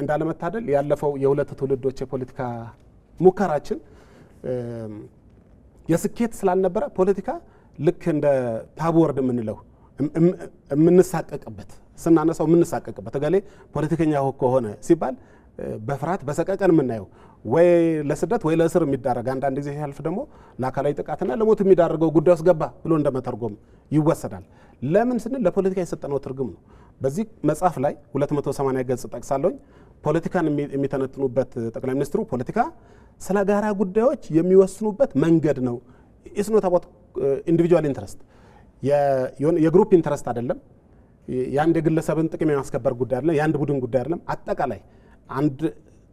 እንዳለመታደል ያለፈው የሁለት ትውልዶች የፖለቲካ ሙከራችን የስኬት ስላልነበረ ፖለቲካ ልክ እንደ ታብወርድ የምንለው የምንሳቀቅበት ስናነሳው የምንሳቀቅበት እገሌ ፖለቲከኛ ከሆነ ሲባል በፍርሃት በሰቀቀን የምናየው ወይ ለስደት ወይ ለእስር የሚዳረግ አንዳንድ ጊዜ ሲያልፍ ደግሞ ለአካላዊ ጥቃትና ለሞት የሚዳርገው ጉዳይ ውስጥ ገባ ብሎ እንደመተርጎም ይወሰዳል። ለምን ስንል ለፖለቲካ የሰጠነው ትርጉም ነው። በዚህ መጽሐፍ ላይ 280 ገጽ ጠቅሳለሁኝ። ፖለቲካን የሚተነትኑበት ጠቅላይ ሚኒስትሩ ፖለቲካ ስለ ጋራ ጉዳዮች የሚወስኑበት መንገድ ነው። ኢስ ኖት አባውት ኢንዲቪጁዋል ኢንትረስት የግሩፕ ኢንትረስት አይደለም። የአንድ የግለሰብን ጥቅም የማስከበር ጉዳይ አይደለም። የአንድ ቡድን ጉዳይ አይደለም። አጠቃላይ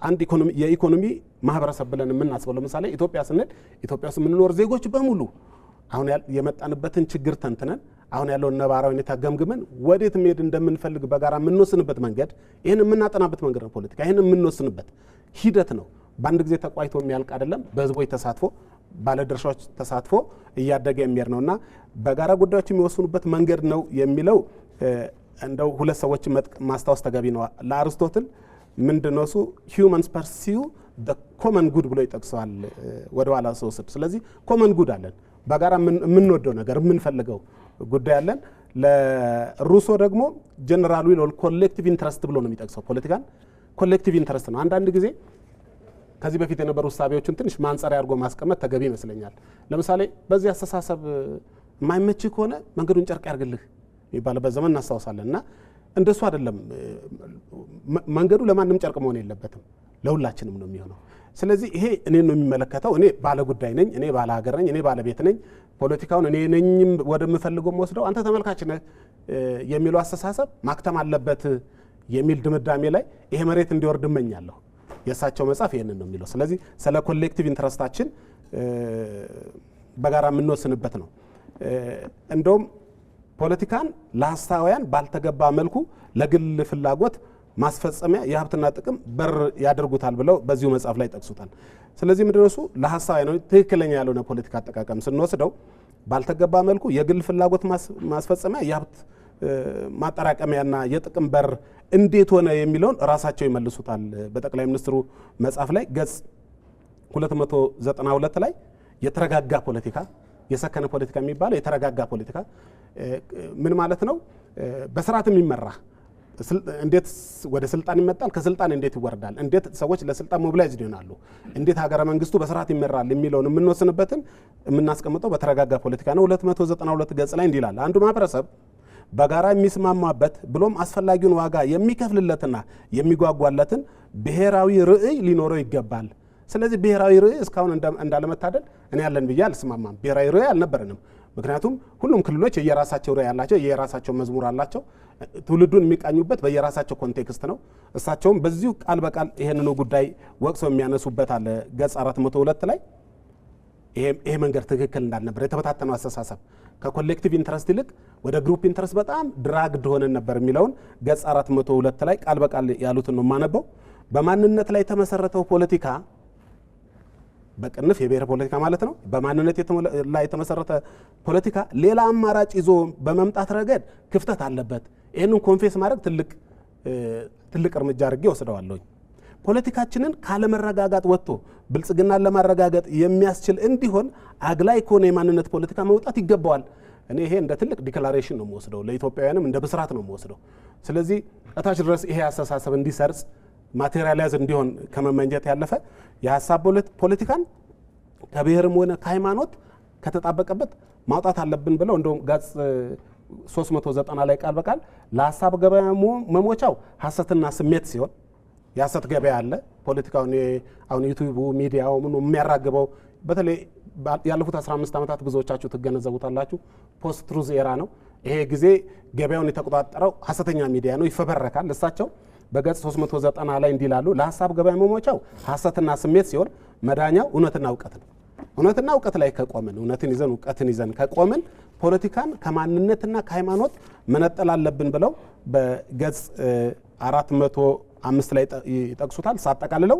አንድ የኢኮኖሚ ማህበረሰብ ብለን የምናስበው ለምሳሌ ኢትዮጵያ ስንል ኢትዮጵያ ውስጥ የምንኖር ዜጎች በሙሉ አሁን የመጣንበትን ችግር ተንትነን አሁን ያለውን ነባራዊ ሁኔታ ገምግመን ወዴት መሄድ እንደምንፈልግ በጋራ የምንወስንበት መንገድ ይህን የምናጠናበት መንገድ ነው። ፖለቲካ ይህን የምንወስንበት ሂደት ነው። በአንድ ጊዜ ተቋይቶ የሚያልቅ አይደለም። በህዝቦች ተሳትፎ፣ ባለድርሻዎች ተሳትፎ እያደገ የሚሄድ ነው እና በጋራ ጉዳዮች የሚወስኑበት መንገድ ነው የሚለው እንደው ሁለት ሰዎች ማስታወስ ተገቢ ነው። ለአርስቶትል ምንድነው እሱ ሂውማንስ ኮመን ጉድ ብሎ ይጠቅሰዋል። ወደኋላ ሰውስድ ስለዚህ ኮመን ጉድ አለን፣ በጋራ የምንወደው ነገር የምንፈልገው ጉዳይ አለን። ለሩሶ ደግሞ ጀነራል ዊል ኮሌክቲቭ ኢንትረስት ብሎ ነው የሚጠቅሰው። ፖለቲካን ኮሌክቲቭ ኢንትረስት ነው። አንዳንድ ጊዜ ከዚህ በፊት የነበሩ እሳቤዎችን ትንሽ ማንጸሪያ አድርጎ ማስቀመጥ ተገቢ ይመስለኛል። ለምሳሌ በዚህ አስተሳሰብ የማይመች ከሆነ መንገዱን ጨርቅ ያርግልህ የሚባልበት ዘመን እናስታውሳለን። እና እንደሱ አይደለም መንገዱ ለማንም ጨርቅ መሆን የለበትም፣ ለሁላችንም ነው የሚሆነው። ስለዚህ ይሄ እኔ ነው የሚመለከተው። እኔ ባለ ጉዳይ ነኝ፣ እኔ ባለ ሀገር ነኝ፣ እኔ ባለቤት ነኝ። ፖለቲካውን እኔ ነኝም ወደምፈልገው ወስደው አንተ ተመልካች ነህ የሚለው አስተሳሰብ ማክተም አለበት የሚል ድምዳሜ ላይ ይሄ መሬት እንዲወርድ እመኛለሁ። የእሳቸው መጽሐፍ ይህንን ነው የሚለው። ስለዚህ ስለ ኮሌክቲቭ ኢንትረስታችን በጋራ የምንወስንበት ነው። እንደውም ፖለቲካን ለሀሳውያን ባልተገባ መልኩ ለግል ፍላጎት ማስፈጸሚያ የሀብትና ጥቅም በር ያደርጉታል ብለው በዚሁ መጽሐፍ ላይ ጠቅሱታል። ስለዚህ ምድረሱ ለሀሳብ ነው ትክክለኛ ያልሆነ ፖለቲካ አጠቃቀም ስንወስደው ባልተገባ መልኩ የግል ፍላጎት ማስፈጸሚያ የሀብት ማጠራቀሚያና የጥቅም በር እንዴት ሆነ የሚለውን ራሳቸው ይመልሱታል። በጠቅላይ ሚኒስትሩ መጽሐፍ ላይ ገጽ 292 ላይ የተረጋጋ ፖለቲካ የሰከነ ፖለቲካ የሚባለው የተረጋጋ ፖለቲካ ምን ማለት ነው? በስርዓት የሚመራ እንዴት ወደ ስልጣን ይመጣል? ከስልጣን እንዴት ይወርዳል? እንዴት ሰዎች ለስልጣን ሞቢላይዝድ ይሆናሉ? እንዴት ሀገረ መንግስቱ በስርዓት ይመራል የሚለውን የምንወስንበትን የምናስቀምጠው በተረጋጋ ፖለቲካ ነው። 292 ገጽ ላይ እንዲላል አንዱ ማህበረሰብ በጋራ የሚስማማበት ብሎም አስፈላጊውን ዋጋ የሚከፍልለትና የሚጓጓለትን ብሔራዊ ርዕይ ሊኖረው ይገባል። ስለዚህ ብሔራዊ ርዕይ እስካሁን እንዳለመታደል እኔ ያለን ብዬ አልስማማም። ብሔራዊ ርዕይ አልነበረንም። ምክንያቱም ሁሉም ክልሎች የየራሳቸው ርዕይ አላቸው፣ የየራሳቸው መዝሙር አላቸው። ትውልዱን የሚቃኙበት በየራሳቸው ኮንቴክስት ነው። እሳቸውም በዚሁ ቃል በቃል ይህንኑ ጉዳይ ወቅሰው የሚያነሱበት አለ ገጽ 402 ላይ ይሄ መንገድ ትክክል እንዳልነበር የተበታተነው አስተሳሰብ ከኮሌክቲቭ ኢንትረስት ይልቅ ወደ ግሩፕ ኢንትረስት በጣም ድራግድ ሆነን ነበር የሚለውን ገጽ 402 ላይ ቃል በቃል ያሉትን ነው የማነበው። በማንነት ላይ የተመሰረተው ፖለቲካ በቅንፍ የብሔር ፖለቲካ ማለት ነው። በማንነት ላይ የተመሰረተ ፖለቲካ ሌላ አማራጭ ይዞ በመምጣት ረገድ ክፍተት አለበት። ይህንን ኮንፌስ ማድረግ ትልቅ እርምጃ አድርጌ ወስደዋለሁኝ። ፖለቲካችንን ካለመረጋጋት ወጥቶ ብልጽግናን ለማረጋገጥ የሚያስችል እንዲሆን አግላይ ከሆነ የማንነት ፖለቲካ መውጣት ይገባዋል። እኔ ይሄ እንደ ትልቅ ዲክላሬሽን ነው የምወስደው፣ ለኢትዮጵያውያንም እንደ ብስራት ነው የምወስደው። ስለዚህ እታች ድረስ ይሄ አስተሳሰብ እንዲሰርጽ ማቴሪያላይዝ እንዲሆን ከመመንጀት ያለፈ የሀሳብ ፖለቲካን ከብሔርም ሆነ ከሃይማኖት ከተጣበቀበት ማውጣት አለብን ብለው እንደውም ጋጽ 390 ላይ ቃል በቃል ለሀሳብ ገበያ መሞቻው ሀሰትና ስሜት ሲሆን የሀሰት ገበያ አለ። ፖለቲካውን አሁን ዩቱቡ ሚዲያው ምኑ የሚያራግበው በተለይ ያለፉት 15 ዓመታት ብዙዎቻችሁ ትገነዘቡታላችሁ። ፖስት ትሩዝ ኤራ ነው። ይሄ ጊዜ ገበያውን የተቆጣጠረው ሀሰተኛ ሚዲያ ነው፣ ይፈበረካል። እሳቸው በገጽ 390 ላይ እንዲላሉ ለሀሳብ ገበያ መሞቻው ሀሰትና ስሜት ሲሆን መዳኛው እውነትና እውቀት ነው። እውነትና እውቀት ላይ ከቆምን እውነትን ይዘን እውቀትን ይዘን ከቆምን ፖለቲካን ከማንነትና ከሃይማኖት መነጠል አለብን ብለው በገጽ 405 ላይ ይጠቅሱታል። ሳጠቃልለው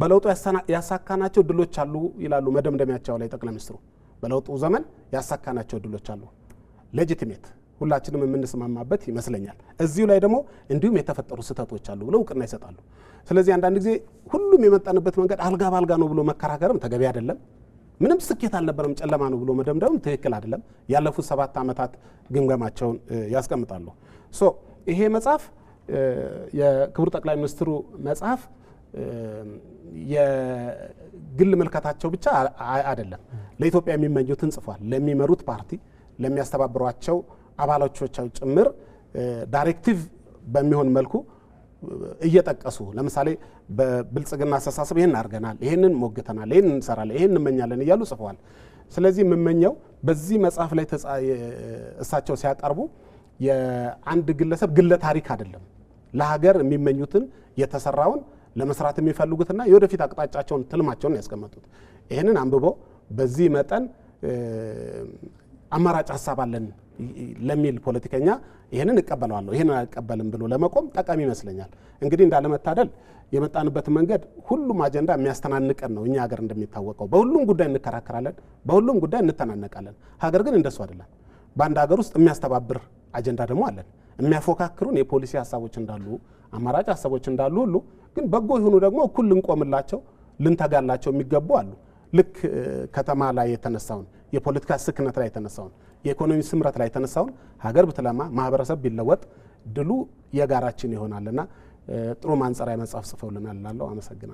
በለውጡ ያሳካናቸው ድሎች አሉ ይላሉ መደምደሚያቸው ላይ ጠቅላይ ሚኒስትሩ። በለውጡ ዘመን ያሳካናቸው ድሎች አሉ ሌጂቲሜት ሁላችንም የምንስማማበት ይመስለኛል። እዚሁ ላይ ደግሞ እንዲሁም የተፈጠሩ ስህተቶች አሉ ብለው እውቅና ይሰጣሉ። ስለዚህ አንዳንድ ጊዜ ሁሉም የመጣንበት መንገድ አልጋ በአልጋ ነው ብሎ መከራከርም ተገቢ አይደለም። ምንም ስኬት አልነበረም ጨለማ ነው ብሎ መደምደም ትክክል አይደለም። ያለፉት ሰባት ዓመታት ግምገማቸውን ያስቀምጣሉ። ሶ ይሄ መጽሐፍ የክቡር ጠቅላይ ሚኒስትሩ መጽሐፍ የግል ምልከታቸው ብቻ አይደለም። ለኢትዮጵያ የሚመኙትን ጽፏል። ለሚመሩት ፓርቲ ለሚያስተባብሯቸው አባሎቻቸው ጭምር ዳይሬክቲቭ በሚሆን መልኩ እየጠቀሱ ለምሳሌ በብልጽግና አስተሳሰብ ይህን አድርገናል፣ ይህንን ሞግተናል፣ ይህን እንሰራለን፣ ይህን እንመኛለን እያሉ ጽፈዋል። ስለዚህ የምመኘው በዚህ መጽሐፍ ላይ እሳቸው ሲያቀርቡ የአንድ ግለሰብ ግለ ታሪክ አይደለም። ለሀገር የሚመኙትን የተሰራውን ለመስራት የሚፈልጉትና የወደፊት አቅጣጫቸውን ትልማቸውን ያስቀመጡት ይህንን አንብቦ በዚህ መጠን አማራጭ ሀሳብ አለን ለሚል ፖለቲከኛ ይህንን እቀበለዋለሁ ይህንን አልቀበልም ብሎ ለመቆም ጠቃሚ ይመስለኛል። እንግዲህ እንዳለመታደል የመጣንበት መንገድ ሁሉም አጀንዳ የሚያስተናንቀን ነው። እኛ ሀገር እንደሚታወቀው በሁሉም ጉዳይ እንከራከራለን፣ በሁሉም ጉዳይ እንተናነቃለን። ሀገር ግን እንደሱ አይደለም። በአንድ ሀገር ውስጥ የሚያስተባብር አጀንዳ ደግሞ አለን። የሚያፎካክሩን የፖሊሲ ሀሳቦች እንዳሉ፣ አማራጭ ሀሳቦች እንዳሉ ሁሉ ግን በጎ የሆኑ ደግሞ እኩል ልንቆምላቸው ልንተጋላቸው የሚገቡ አሉ። ልክ ከተማ ላይ የተነሳውን የፖለቲካ ስክነት ላይ የተነሳውን የኢኮኖሚ ስምረት ላይ የተነሳውን ሀገር ብትለማ ማህበረሰብ ቢለወጥ ድሉ የጋራችን ይሆናልና ጥሩ ማንጸሪያ መጽሐፍ ጽፈውልናል። ላለው አመሰግናለሁ።